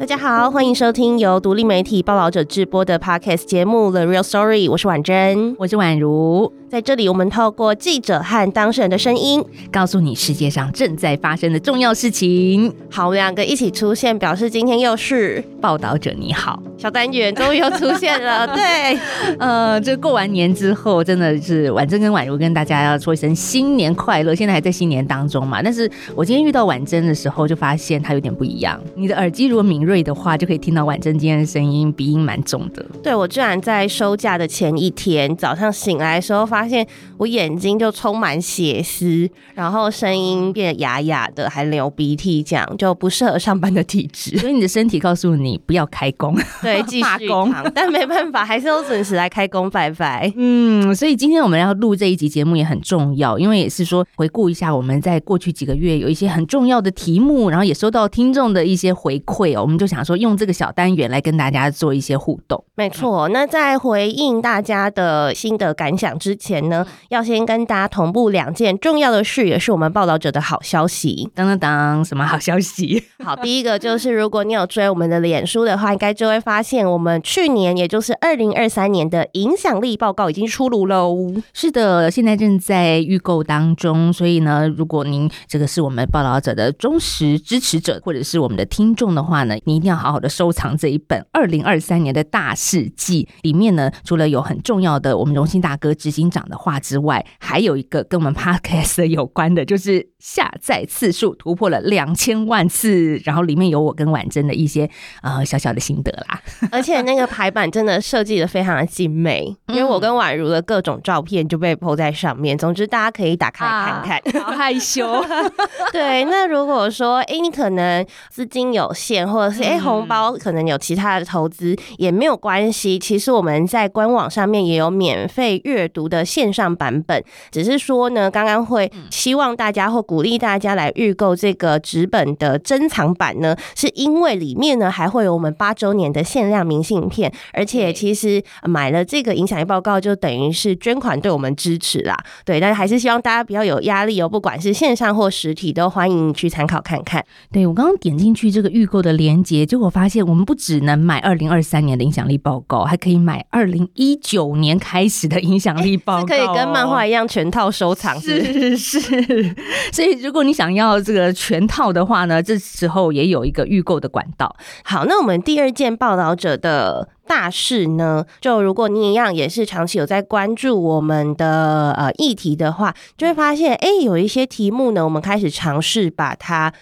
大家好，歡迎收聽由獨立媒體《報導者》製播的 Podcast 節目《The Real Story》。我是婉甄，我是宛如。在這裡，我們透過記者和當事人的聲音，告訴你世界上正在發生的重要事情。好，我們兩個一起出現，表示今天又是報道者。你好，小單元終於又出現了。 對，呃，這過完年之後，真的是婉甄跟婉如跟大家要說一聲新年快樂。現在還在新年當中嘛，但是我今天遇到婉甄的時候，就發現她有點不一樣。你的耳機如果敏銳的話，就可以聽到婉甄今天的聲音，鼻音蠻重的。對，我居然在收假的前一天早上醒來的時候發發現我眼睛就充滿血絲，然後聲音變得啞啞的，還流鼻涕，這樣就不適合上班的體質。所以你的身體告訴你不要開工，對，罷 工。但沒辦法， 還是要準時來開工。拜拜。嗯，所以今天我們要錄這一集節目也很重要，因為也是說回顧一下我們在過去幾個月有一些很重要的題目，然後也收到聽眾的一些回饋哦。我們就想說用這個小單元來跟大家做一些互動。嗯、沒錯，那在回應大家的心得感想之前前呢，要先跟大家同步兩件重要的事，也是我們報導者的好消息。當當當，什麼好消息？好，第一個就是如果你有追我們的臉書的話， 應該就會發現我們去年，也就是二零二三年的影響力報告已經出爐嘍。是的，現在正在預購當中。所以呢，如果您這個是我們報導者的忠實支持者，或者是我們的聽眾的話呢，你一定要好好的收藏這一本二零二三年的大事記。裡面呢，除了有很重要的我們榮幸大哥執行長的話之外，還有一個跟我們 podcast 有關的，就是下載次數突破了兩千萬次，然後裡面有我跟婉甄的一些呃小小的心得啦。而且那個排版真的設計的非常的精美， 因為我跟婉如的各種照片就被 Po 在上面。嗯、總之，大家可以打開看看。啊、好害羞。 對，那如果說哎、欸，你可能資金有限，或者是哎、欸、紅包可能有其他的投資也沒有關係。其實我們在官網上面也有免費閱讀的。線上版本，只是說呢，剛剛會希望大家或鼓勵大家來預購這個紙本的珍藏版呢，是因為裡面呢還會有我們八週年的限量明信片，而且其實買了這個影響力報告就等於是捐款對我們支持啦。對，但還是希望大家不要有壓力哦、喔，不管是線上或實體都歡迎你去參考看看。對，我剛剛點進去這個預購的鏈接，結果發現我們不只能買二零二三年的影響力報告，還可以買二零一九年開始的影響力報告。欸可以跟漫畫一樣全套收藏是不是？是是是。所以如果你想要這個全套的話呢，這時候也有一個預購的管道。好，那我們第二件報道者的大事呢，就如果你一樣也是長期有在關注我們的呃議題的話，就會發現誒、欸，有一些題目呢，我們開始嘗試把它。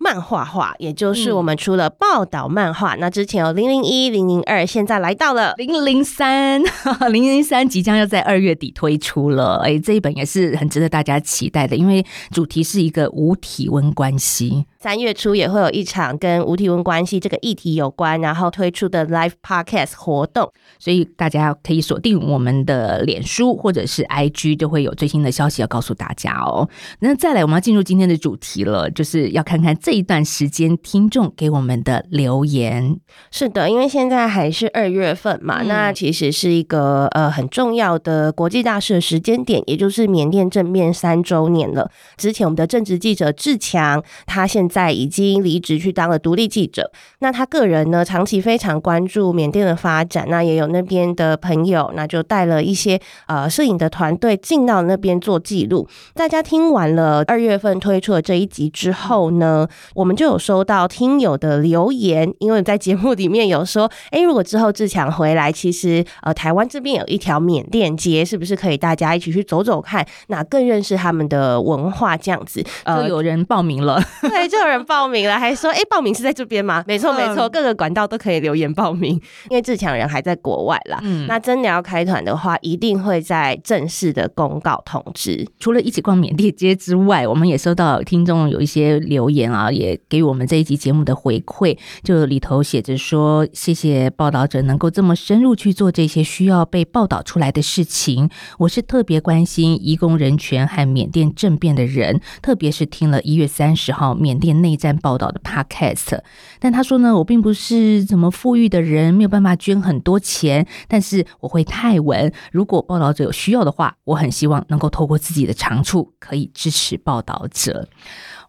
漫畫化，也就是我們出了報道漫畫，嗯。那之前有零零一、零零二，現在來到了零零三，零零三即將要在二月底推出了。哎，欸，這一本也是很值得大家期待的，因為主題是一個無體溫關係。三月初也會有一場跟無體溫關係這個議題有關，然後推出的 Live Podcast 活動，所以大家可以鎖定我們的臉書或者是 IG，都會有最新的消息要告訴大家哦，喔。那再來，我們要進入今天的主題了，就是要看看。這一段時間，聽眾給我們的留言是的，因為現在還是二月份嘛、嗯，那其實是一個呃很重要的國際大事的時間點，也就是緬甸政變三週年了。之前我們的政治記者志強，他現在已經離職去當了獨立記者。那他個人呢，長期非常關注緬甸的發展，那也有那邊的朋友，那就帶了一些呃攝影的團隊進到那邊做記錄。大家聽完了二月份推出的這一集之後呢？我們就有收到聽友的留言，因為在節目裡面有說，哎、欸，如果之後志強回來，其實呃，台灣這邊有一條緬甸街，是不是可以大家一起去走走看，那更認識他們的文化這樣子？呃、就有人報名了， 對，就有人報名了，還說，哎、欸，報名是在這邊嗎？沒錯，沒錯、嗯，各個管道都可以留言報名，因為志強人還在國外啦。嗯、那真的要開團的話，一定會在正式的公告通知。除了一起逛緬甸街之外，我們也收到聽眾有一些留言啊。也給我們這一集節目的回饋，就裡頭寫着說：“謝謝報道者能夠這麼深入去做這些需要被報道出來的事情。”我是特別關心移工人權和緬甸政變的人，特別是聽了一月三十號緬甸內戰報道的 Podcast。但他說呢，我並不是怎麼富裕的人，沒有辦法捐很多錢，但是我會泰文。如果報道者有需要的話，我很希望能夠透過自己的長處可以支持報道者。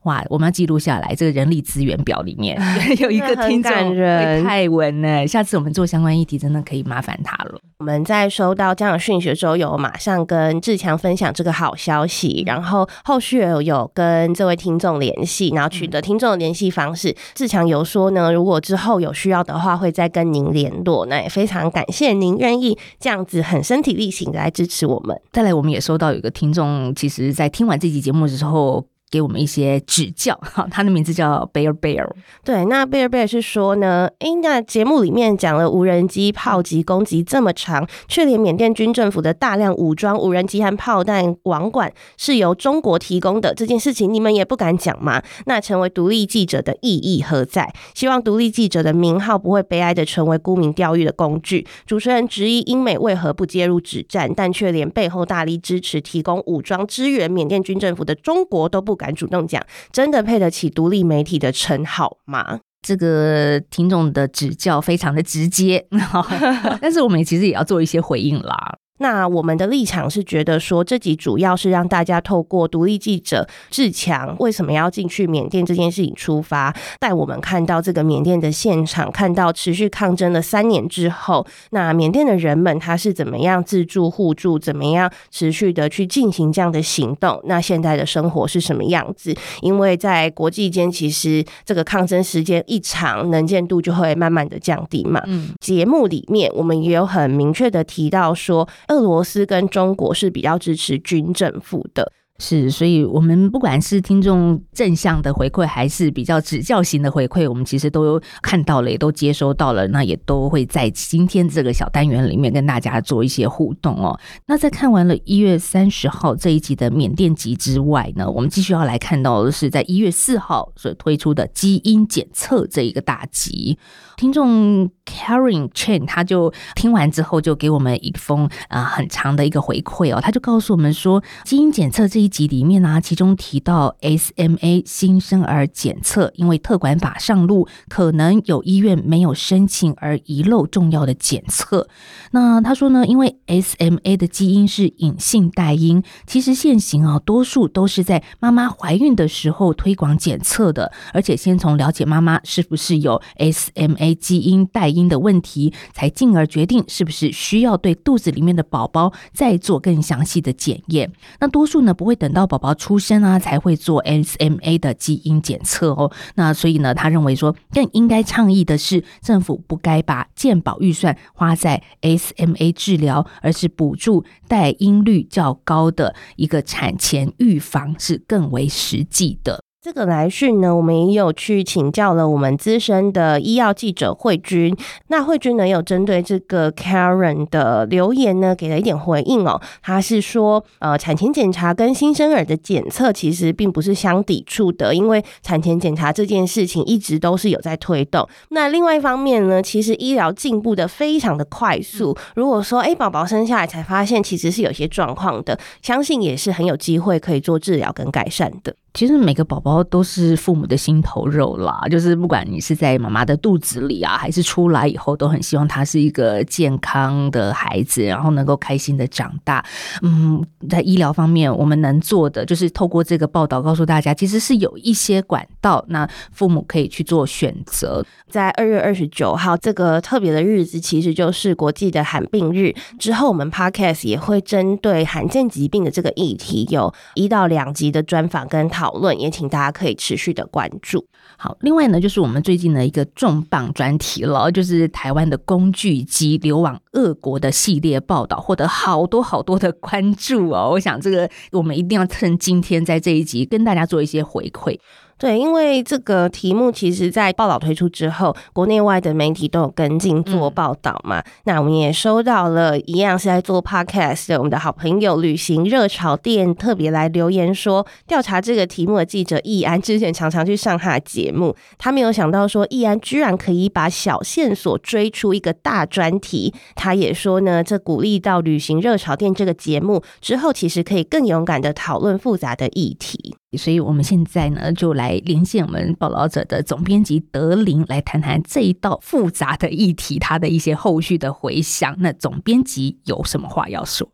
哇！我們要記錄下來，這個人力資源表裡面、嗯、 有一個聽眾人、哎、太穩了。下次我們做相關議題，真的可以麻煩他了。我們在收到這樣的訊息之後，有馬上跟志強分享這個好消息，嗯、然後後續有有跟這位聽眾聯繫，然後取得聽眾的聯繫方式、嗯。志強有說呢，如果之後有需要的話，會再跟您聯絡。那也非常感謝您願意這樣子很身體力行的來支持我們。再來，我們也收到有一個聽眾，其實在聽完這集節目的時候給我們一些指教。好，他的名字叫 Bear Bear。對，那 Bear Bear 是說呢，誒、欸，那節目裡面講了無人機炮擊攻擊這麼長，卻連緬甸軍政府的大量武裝無人機和炮彈網管是由中國提供的這件事情，你們也不敢講嗎？那成為獨立記者的意義何在？希望獨立記者的名號不會悲哀的成為沽名釣譽的工具。主持人質疑英美為何不介入止戰，但卻連背後大力支持、提供武裝支援緬甸軍政府的中國都不。敢主動講，真的配得起獨立媒體的稱號嗎？這個聽眾的指教非常的直接， 但是我們其實也要做一些回應啦。那我們的立場是覺得說，這集主要是讓大家透過獨立記者智強為什麼要進去緬甸這件事情出發，帶我們看到這個緬甸的現場，看到持續抗爭了三年之後，那緬甸的人們他是怎麼樣自助互助，怎麼樣持續的去進行這樣的行動，那現在的生活是什麼樣子？因為在國際間，其實這個抗爭時間一長，能見度就會慢慢的降低嘛。嗯，節目裡面我們也有很明確的提到說，俄羅斯跟中國是比較支持軍政府的，是，所以我們不管是聽眾正向的回饋，還是比較指教型的回饋，我們其實都有看到了，也都接收到了，那也都會在今天這個小單元裡面跟大家做一些互動哦。那在看完了一月三十號這一集的緬甸集之外呢，我們繼續要來看到的是在一月四號所推出的基因檢測這一個大集，聽眾。Karen Chen，他就聽完之後就給我們一封啊、呃、很長的一個回饋哦，他就告訴我們說，基因檢測這一集裡面呢、啊，其中提到 SMA 新生兒檢測，因為特管法上路，可能有醫院沒有申請而遺漏重要的檢測。那他說呢，因為 SMA 的基因是隱性帶因，其實現行啊，多數都是在媽媽懷孕的時候推廣檢測的，而且先從了解媽媽是不是有 SMA 基因帶因的問題，才進而決定是不是需要對肚子裡面的寶寶再做更詳細的檢驗。那多數呢，不會等到寶寶出生啊才會做 SMA 的基因檢測哦。那所以呢，他認為說更應該倡議的是，政府不該把健保預算花在 SMA 治療，而是補助帶因率較高的一個產前預防是更為實際的。這個來訊呢，我們也有去請教了我們資深的醫藥記者慧君。那慧君呢，有針對這個 Karen 的留言呢，給了一點回應哦。他是說，呃，產前檢查跟新生兒的檢測其實並不是相抵觸的，因為產前檢查這件事情一直都是有在推動。那另外一方面呢，其實醫療進步得非常的快速。如果說，哎、欸，寶寶生下來才發現其實是有些狀況的，相信也是很有機會可以做治療跟改善的。其實每個寶寶都是父母的心頭肉啦，就是不管你是在媽媽的肚子裡啊，還是出來以後，都很希望他是一個健康的孩子，然後能夠開心的長大。嗯，在醫療方面，我們能做的就是透過這個報道告訴大家，其實是有一些管道，那父母可以去做選擇。在二月二十九號這個特別的日子，其實就是國際的罕病日之後，我們 Podcast 也會針對罕見疾病的這個議題，有一到兩集的專訪跟。討論，也請大家可以持續的關注。好，另外呢，就是我們最近的一個重磅專題了，就是台灣的工具機流往俄國的系列報道，獲得好多好多的關注哦。我想這個我們一定要趁今天在這一集跟大家做一些回饋。對，因為這個題目其實在報道推出之後，國內外的媒體都有跟進做報道嘛。嗯、那我們也收到了一樣是在做 podcast 的我們的好朋友旅行熱炒店特別來留言說，調查這個題目的記者易安之前常常去上他的節目，他沒有想到說易安居然可以把小線索追出一個大專題。他也說呢，這鼓勵到旅行熱炒店這個節目之後，其實可以更勇敢的討論複雜的議題。所以，我們現在呢，就來連線我們報道者的總編輯德琳，來談談這一道複雜的議題，他的一些後續的回響。那總編輯有什麼話要說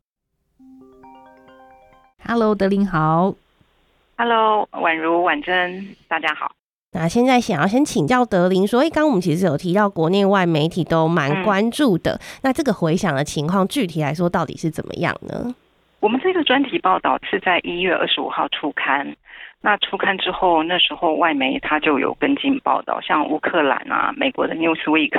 ？Hello，德琳好。Hello，婉如婉甄，大家好。那現在想要先請教德琳，說，哎，剛剛我們其實有提到國內外媒體都蠻關注的。嗯，那這個回響的情況，具體來說到底是怎麼樣呢？我們這個專題報道是在一月二十五號出刊。那出刊之後，那時候外媒他就有跟進報道，像烏克蘭啊、美國的《Newsweek》，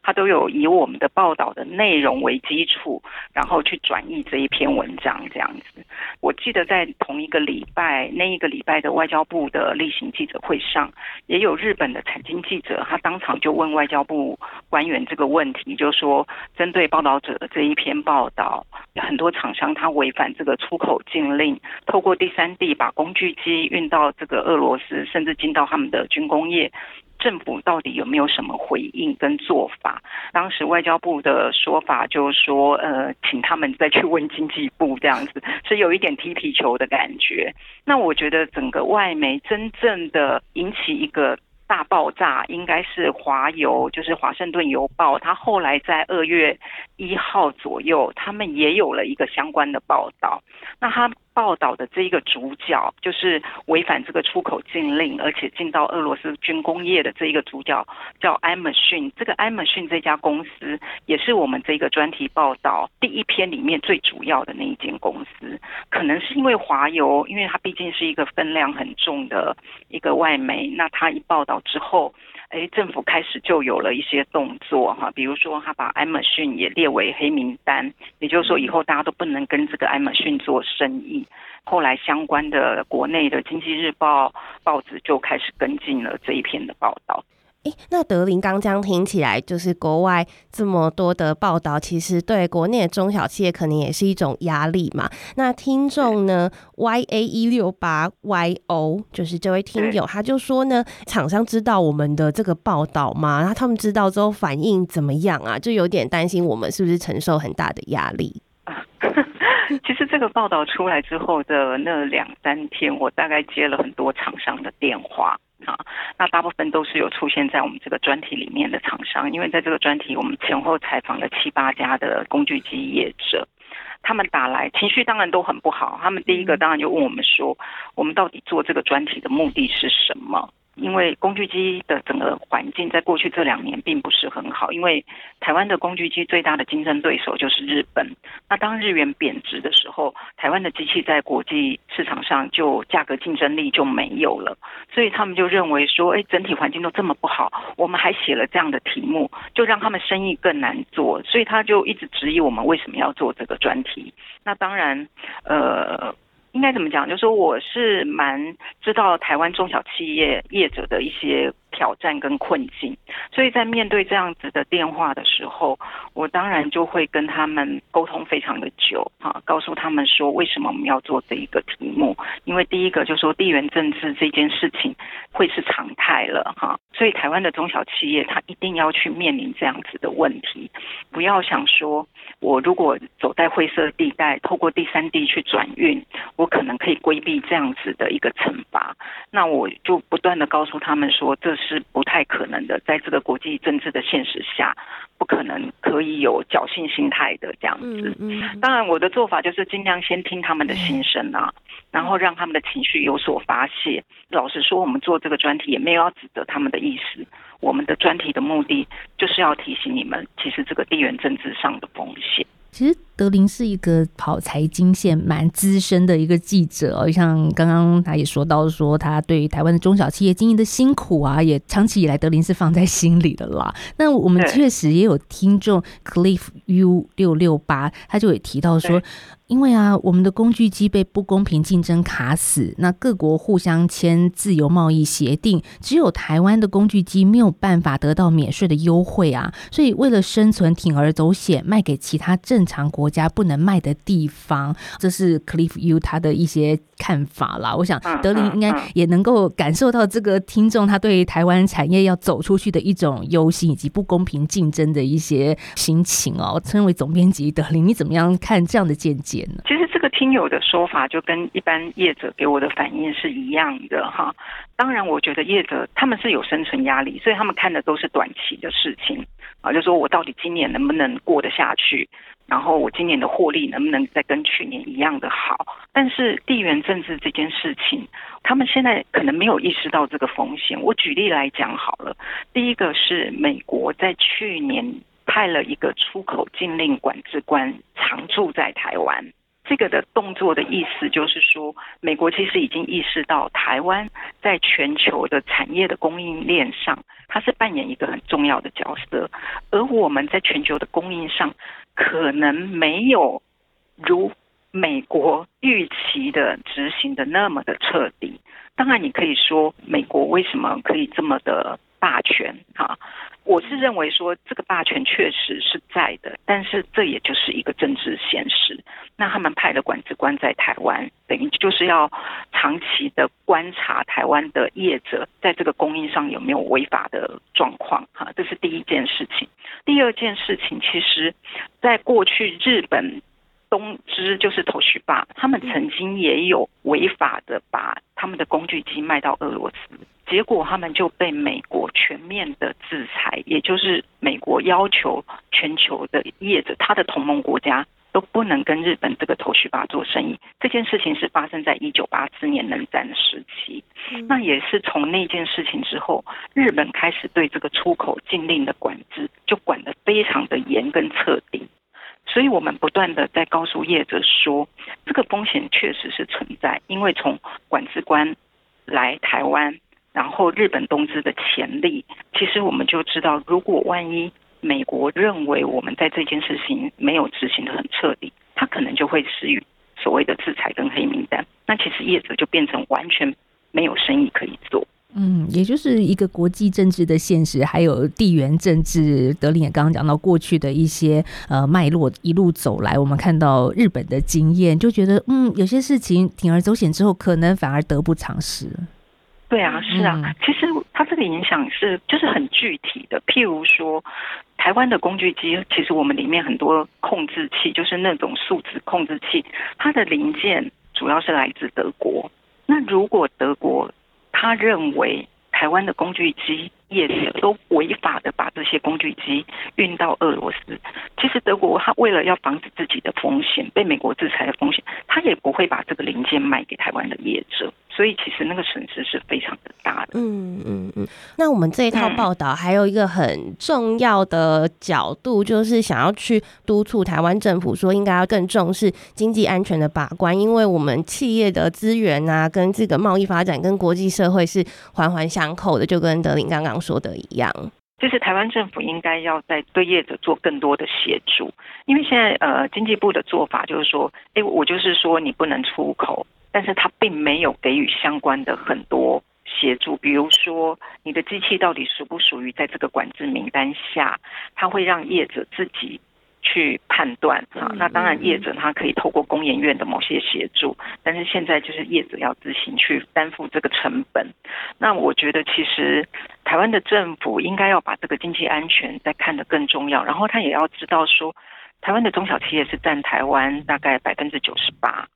他都有以我們的報道的內容為基礎，然後去轉譯這一篇文章這樣子。我記得在同一個禮拜，那一個禮拜的外交部的例行記者會上，也有日本的財經記者，他當場就問外交部官員這個問題，就說針對報道者的這一篇報道，很多廠商他違反這個出口禁令，透過第三地把工具機運到。到這個俄羅斯，甚至進到他們的軍工業，政府到底有沒有什麼回應跟做法？當時外交部的說法就是說，呃，請他們再去問經濟部這樣子，是有一點踢皮球的感覺。那我覺得整個外媒真正的引起一個大爆炸，應該是《華郵》，就是《華盛頓郵報》，他後來在二月一號左右，他們也有了一個相關的報道。那他。報道的這一個主角就是違反這個出口禁令，而且進到俄羅斯軍工業的這一個主角叫埃默遜。這個埃默遜這家公司也是我們這個專題報道第一篇裡面最主要的那一間公司。可能是因為華郵，因為它畢竟是一個分量很重的一個外媒，那它一報道之後。哎，政府開始就有了一些動作哈，比如說他把艾馬遜也列為黑名單，也就是說以後大家都不能跟這個艾馬遜做生意。後來相關的國內的經濟日報報紙就開始跟進了這一篇的報道。哎，那德琳剛這樣聽起來就是國外這麼多的報道其實對國內的中小企業可能也是一種壓力嘛。那聽眾呢，Y A 一六八 Y O，就是這位聽友，他就說呢，廠商知道我們的這個報道嗎？然後他們知道之後反應怎麼樣啊？就有點擔心我們是不是承受很大的壓力。 其實這個報道出來之後的那兩三天，我大概接了很多廠商的電話啊，那大部分都是有出現在我們這個專題裡面的廠商，因為在這個專題，我們前後採訪了七八家的工具機業者，他們打來情緒當然都很不好，他們第一個當然就問我們說，我們到底做這個專題的目的是什麼？因為工具機的整個環境在過去這兩年並不是很好，因為台灣的工具機最大的競爭對手就是日本。那當日元貶值的時候，台灣的機器在國際市場上就價格競爭力就沒有了，所以他們就認為說，誒，整體環境都這麼不好，我們還寫了這樣的題目，就讓他們生意更難做。所以他就一直質疑我們為什麼要做這個專題。那當然，呃⋯⋯應該怎麼講？就是說我是蠻知道台灣中小企業業者的一些挑戰跟困境，所以在面對這樣子的電話的時候，我當然就會跟他們溝通非常的久，哈、啊，告訴他們說為什麼我們要做這一個題目？因為第一個就是說地緣政治這件事情會是常態了，哈、啊，所以台灣的中小企業它一定要去面臨這樣子的問題，不要想說我如果走在灰色地帶，透過第三地去轉運，我。不可能可以規避這樣子的一個懲罰，那我就不斷的告訴他們說，這是不太可能的，在這個國際政治的現實下，不可能可以有僥倖心態的這樣子。當然，我的做法就是盡量先聽他們的心聲啊，然後讓他們的情緒有所發洩。老實說，我們做這個專題也沒有要指責他們的意思，我們的專題的目的就是要提醒你們，其實這個地緣政治上的風險。其實德林是一個跑財經線蠻資深的一個記者哦，像剛剛他也說到說，他對於台灣的中小企業經營的辛苦啊，也長期以來德林是放在心裡的啦。那我們確實也有聽眾 cliffyu668，他就也提到說。因為啊，我們的工具機被不公平競爭卡死，那各國互相簽自由貿易協定，只有台灣的工具機沒有辦法得到免稅的優惠啊，所以為了生存，鋌而走險，賣給其他正常國家不能賣的地方，這是 Cliff Yu 他的一些看法啦。我想德琳應該也能夠感受到這個聽眾他對台灣產業要走出去的一種憂心，以及不公平競爭的一些心情哦。身為總編輯，德琳，你怎麼樣看這樣的見解？其實這個聽友的說法就跟一般業者給我的反應是一樣的哈。當然，我覺得業者他們是有生存壓力，所以他們看的都是短期的事情啊，就是說我到底今年能不能過得下去，然後我今年的獲利能不能再跟去年一樣的好。但是地緣政治這件事情，他們現在可能沒有意識到這個風險。我舉例來講好了，第一個是美國在去年。派了一個出口禁令管制官常駐在台灣，這個的動作的意思就是說，美國其實已經意識到台灣在全球的產業的供應鏈上，它是扮演一個很重要的角色，而我們在全球的供應上，可能沒有如美國預期的執行的那麼的徹底。當然，你可以說美國為什麼可以這麼的。霸權哈、啊，我是認為說這個霸權確實是在的，但是這也就是一個政治現實。那他們派了管制官在台灣，等於就是要長期的觀察台灣的業者在這個供應上有沒有違法的狀況哈，這是第一件事情。第二件事情，其實在過去日本。東芝就是 Toshiba，他們曾經也有違法的把他們的工具機賣到俄羅斯，結果他們就被美國全面的制裁，也就是美國要求全球的業者，他的同盟國家都不能跟日本這個 Toshiba 做生意。這件事情是發生在一九八四年冷戰的時期，那也是從那件事情之後，日本開始對這個出口禁令的管制就管得非常的嚴跟徹底。所以，我們不斷地在告訴業者說，這個風險確實是存在。因為從管制官來台灣，然後日本東芝的前例，其實我們就知道，如果萬一美國認為我們在這件事情沒有執行得很徹底，他可能就會施予所謂的制裁跟黑名單。那其實業者就變成完全沒有生意可以做。嗯，也就是一個國際政治的現實，還有地緣政治。德琳也剛剛講到過去的一些呃脈絡，一路走來，我們看到日本的經驗，就覺得嗯，有些事情鋌而走險之後，可能反而得不償失。對啊，是啊，嗯、其實它這個影響是就是很具體的。譬如說，台灣的工具機，其實我們裡面很多控制器，就是那種數值控制器，它的零件主要是來自德國。那如果德國他認為台灣的工具機業者都違法的把這些工具機運到俄羅斯。其實德國他為了要防止自己的風險，被美國制裁的風險，他也不會把這個零件賣給台灣的業者。所以其實那個損失是非常的大的。嗯嗯嗯。那我們這一套報道還有一個很重要的角度，嗯、就是想要去督促台灣政府說，應該要更重視經濟安全的把關，因為我們企業的資源啊，跟這個貿易發展，跟國際社會是環環相扣的，就跟德琳剛剛說的一樣，就是台灣政府應該要在對業者做更多的協助，因為現在呃經濟部的做法就是說，哎、欸，我就是說你不能出口。但是他並沒有給予相關的很多協助，比如說你的機器到底屬不屬於在這個管制名單下，他會讓業者自己去判斷。哈、嗯嗯啊，那當然業者他可以透過工研院的某些協助，但是現在就是業者要自行去擔負這個成本。那我覺得其實台灣的政府應該要把這個經濟安全再看得更重要，然後他也要知道說，台灣的中小企業是占台灣大概百分之九十八。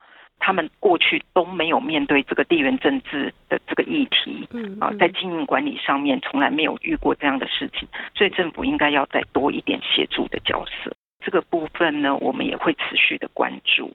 他們過去都沒有面對這個地緣政治的這個議題，嗯嗯啊，在經營管理上面從來沒有遇過這樣的事情，所以政府應該要再多一點協助的角色。這個部分呢，我們也會持續的關注。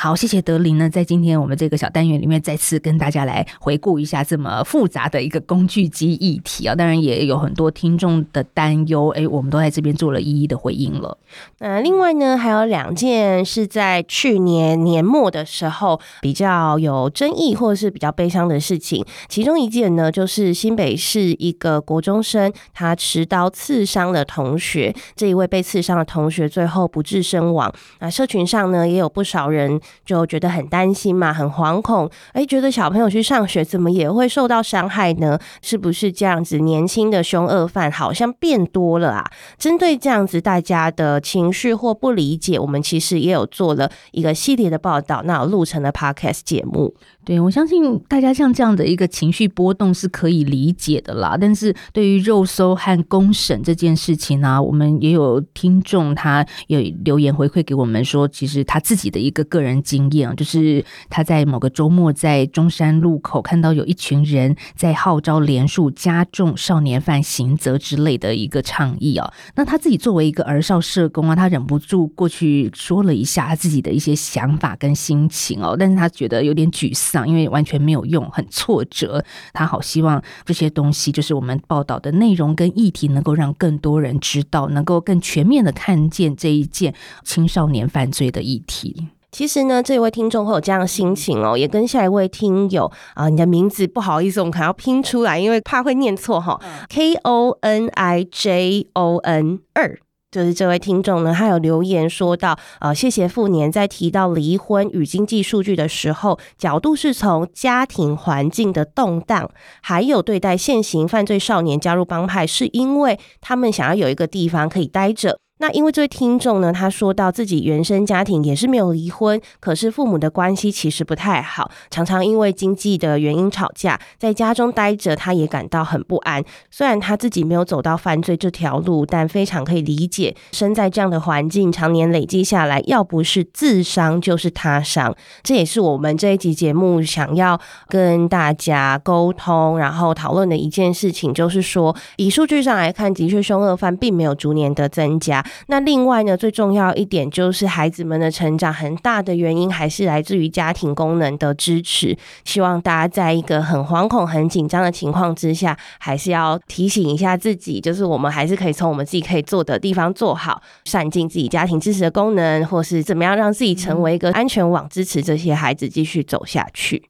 好，謝謝德琳呢，在今天我們這個小單元裡面，再次跟大家來回顧一下這麼複雜的一個工具機議題啊，當然也有很多聽眾的擔憂，誒、欸，我們都在這邊做了一一的回應了。那另外呢，還有兩件是在去年年末的時候比較有爭議或者是比較悲傷的事情，其中一件呢就是新北市一個國中生他持刀刺傷了同學，這一位被刺傷的同學最後不治身亡。那社群上呢也有不少人。就覺得很擔心嘛，很惶恐，哎、欸，覺得小朋友去上學怎麼也會受到傷害呢？是不是這樣子？年輕的凶惡犯好像變多了啊！針對這樣子大家的情緒或不理解，我們其實也有做了一個系列的報道，那我錄成的 Podcast 節目。對，我相信大家像這樣的一個情緒波動是可以理解的啦。但是對於肉搜和公審這件事情呢、啊，我們也有聽眾他有留言回饋給我們說，其實他自己的一個個人。人經驗啊！就是他在某個周末在中山路口看到有一群人在號召連署加重少年犯刑責之類的一個倡議哦。那他自己作為一個兒少社工啊，他忍不住過去說了一下他自己的一些想法跟心情哦。但是他覺得有點沮喪，因為完全沒有用，很挫折。他好希望這些東西就是我們報道的內容跟議題，能夠讓更多人知道，能夠更全面的看見這一件青少年犯罪的議題。其實呢，這位聽眾會有這樣的心情哦，也跟下一位聽友啊，你的名字不好意思，我們可能要拼出來，因為怕會念錯哈、哦嗯。K O N I J O N 二，就是這位聽眾呢，他有留言說到啊，謝謝富年在提到離婚與經濟數據的時候，角度是從家庭環境的動盪，還有對待現行犯罪少年加入幫派是因為他們想要有一個地方可以待着。那因為這位聽眾呢，他說到自己原生家庭也是沒有離婚，可是父母的關係其實不太好，常常因為經濟的原因吵架，在家中待着他也感到很不安。雖然他自己沒有走到犯罪這條路，但非常可以理解，身在這樣的環境，常年累積下來，要不是自傷就是他傷。這也是我們這一集節目想要跟大家溝通，然後討論的一件事情，就是說，以數據上來看，的確兇惡犯並沒有逐年的增加。那另外呢，最重要一點就是孩子們的成長，很大的原因還是來自於家庭功能的支持。希望大家在一個很惶恐、很緊張的情況之下，還是要提醒一下自己，就是我們還是可以從我們自己可以做的地方做好，善盡自己家庭支持的功能，或是怎麼樣讓自己成為一個安全網，支持這些孩子繼續走下去。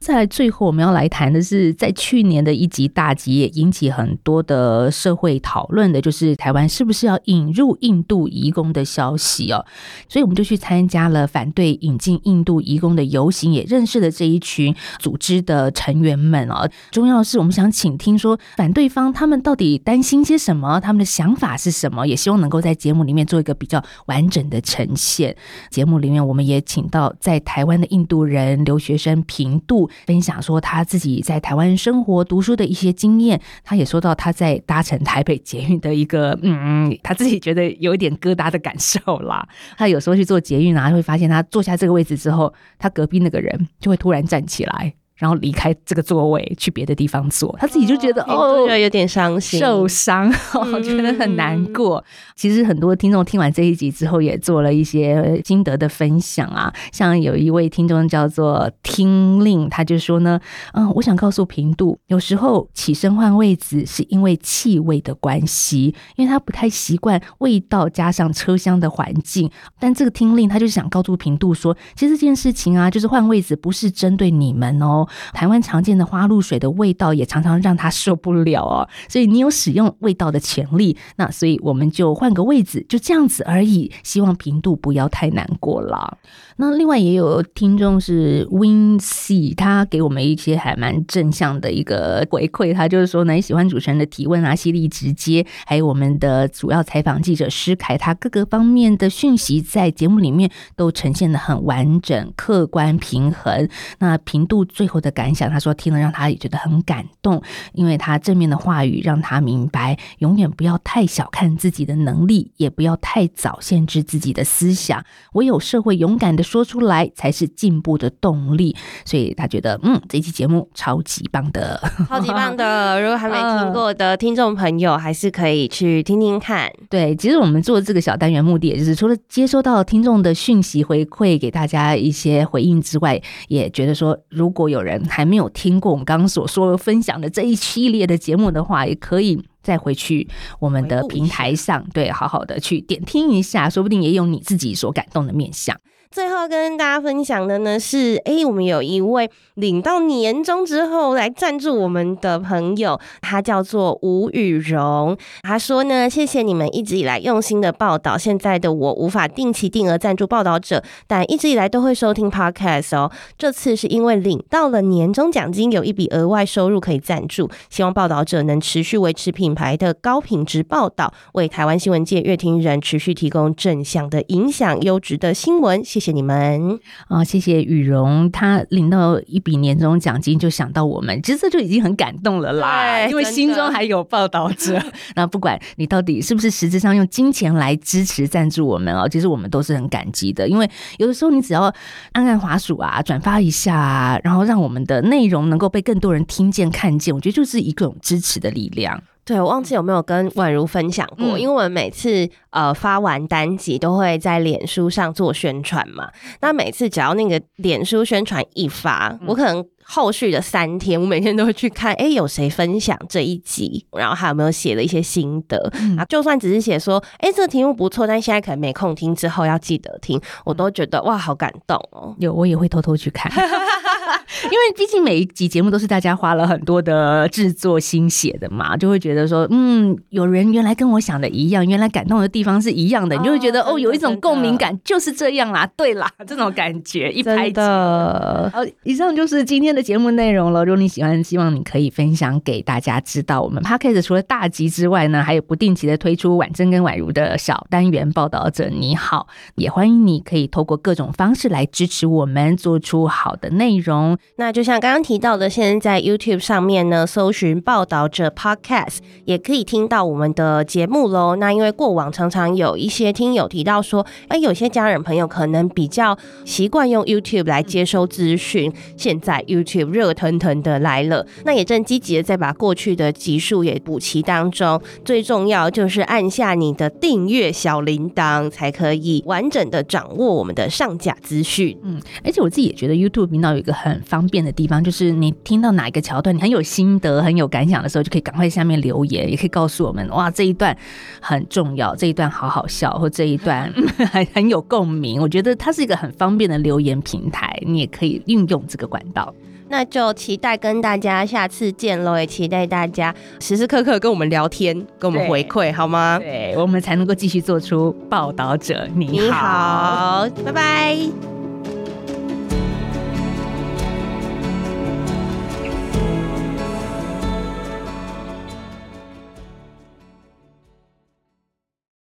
在最後，我們要來談的是，在去年的一集大集也引起很多的社會討論的，就是台灣是不是要引入印度移工的消息哦。所以我們就去參加了反對引進印度移工的遊行，也認識了這一群組織的成員們哦。重要的是，我們想請聽說反對方他們到底擔心些什麼，他們的想法是什麼，也希望能夠在節目裡面做一個比較完整的呈現。節目裡面我們也請到在台灣的印度人留學生平度，分享說他自己在台灣生活讀書的一些經驗，他也說到他在搭乘台北捷運的一個嗯，他自己覺得有一點疙瘩的感受啦。他有時候去坐捷運啊，會發現他坐下這個位置之後，他隔壁那個人就會突然站起來。然後離開這個座位去別的地方坐，他自己就覺得哦，哦，有點傷心、受傷，哦、覺得很難過。嗯、其實很多聽眾聽完這一集之後也做了一些心得的分享啊，像有一位聽眾叫做 Tin Lin，他就說呢，嗯，我想告訴平度，有時候起身換位子是因為氣味的關係，因為他不太習慣味道加上車廂的環境。但這個 Tin Lin 他就想告訴平度說，其實這件事情啊，就是換位子不是針對你們哦。台灣常見的花露水的味道也常常讓他受不了哦、啊，所以你有使用味道的權利。那所以我們就換個位置，就這樣子而已。希望平度不要太難過了。那另外也有聽眾是 WinC 他給我們一些還蠻正向的一個回饋，他就是說呢，很喜歡主持人的提問啊，犀利直接，還有我們的主要採訪記者施凱，他各個方面的訊息在節目裡面都呈現得很完整、客觀、平衡。那平度最後。的感想，他說聽了讓他也覺得很感動，因為他正面的話語讓他明白，永遠不要太小看自己的能力，也不要太早限制自己的思想，唯有社會勇敢的說出來，才是進步的動力。所以他覺得，嗯，這一期節目超級棒的，超級棒的。 如果還沒聽過的聽眾朋友，還是可以去聽聽看。呃、對，其實我們做這個小單元目的，也就是除了接收到聽眾的訊息回饋給大家一些回應之外，也覺得說，如果有人。人還沒有聽過我們剛剛所說分享的這一系列的節目的話，也可以再回去我們的平台上，對，好好的去點聽一下，說不定也有你自己所感動的面向。最後跟大家分享的呢，是，哎、欸，我們有一位領到年終之後來贊助我們的朋友，他叫做吳宇容。他說呢，謝謝你們一直以來用心的報道。現在的我無法定期定額贊助報道者，但一直以來都會收聽 Podcast 哦、喔。這次是因為領到了年終獎金，有一筆額外收入可以贊助。希望報道者能持續維持品牌的高品質報道，為台灣新聞界閱聽人持續提供正向的影響、優質的新聞。謝謝你們啊、哦！謝謝宇容。他領到一筆年終獎金就想到我們，其實這就已經很感動了啦。對，因為心中還有報導者， 那不管你到底是不是實質上用金錢來支持贊助我們哦，其實我們都是很感激的。因為有的時候你只要按按滑鼠啊，轉發一下、啊，然後讓我們的內容能夠被更多人聽見看見，我覺得就是一種支持的力量。對，我忘記有沒有跟婉如分享過，嗯、因為我們每次呃發完單集都會在臉書上做宣傳嘛。那每次只要那個臉書宣傳一發、嗯，我可能後續的三天，我每天都會去看，哎、欸，有誰分享這一集，然後還有沒有寫了一些心得啊？嗯、就算只是寫說，哎、欸，這個題目不錯，但現在可能沒空聽，之後要記得聽，我都覺得哇，好感動哦、喔。有，我也會偷偷去看。 因為畢竟每一集節目都是大家花了很多的制作心血的嘛，就會覺得說，嗯，有人原來跟我想的一樣，原來感動的地方是一樣的，哦、你就會覺得哦真的真的，有一種共鳴感，就是這樣啦、啊，對啦，這種感覺，一拍真的。好，以上就是今天的節目內容了。如果你喜歡，希望你可以分享給大家知道。我們 Podcast 除了大集之外呢，還有不定期的推出婉甄跟婉如的小單元報道者你好，也歡迎你可以透過各種方式來支持我們，做出好的內容。那就像剛剛提到的，現在在 YouTube 上面呢，搜尋“報導者 Podcast” 也可以聽到我們的節目嘍。那因為過往常常有一些聽友提到說，哎、欸，有些家人朋友可能比較習慣用 YouTube 來接收資訊。現在 YouTube 熱騰騰的來了，那也正積極的在把過去的集數也補齊當中。最重要就是按下你的訂閱小鈴鐺，才可以完整的掌握我們的上架資訊。嗯，而且我自己也覺得 YouTube 頻道有一個很方。方便的地方就是，你聽到哪一個橋段，你很有心得、很有感想的時候，就可以趕快下面留言，也可以告訴我們：哇，這一段很重要，這一段好好笑，或這一段很、嗯、 很有共鳴。我覺得它是一個很方便的留言平台，你也可以運用這個管道。那就期待跟大家下次見嘍，也期待大家時時刻刻跟我們聊天，跟我們回饋，好嗎？對，我們才能夠繼續做出報道者你好。你好，拜拜。嗯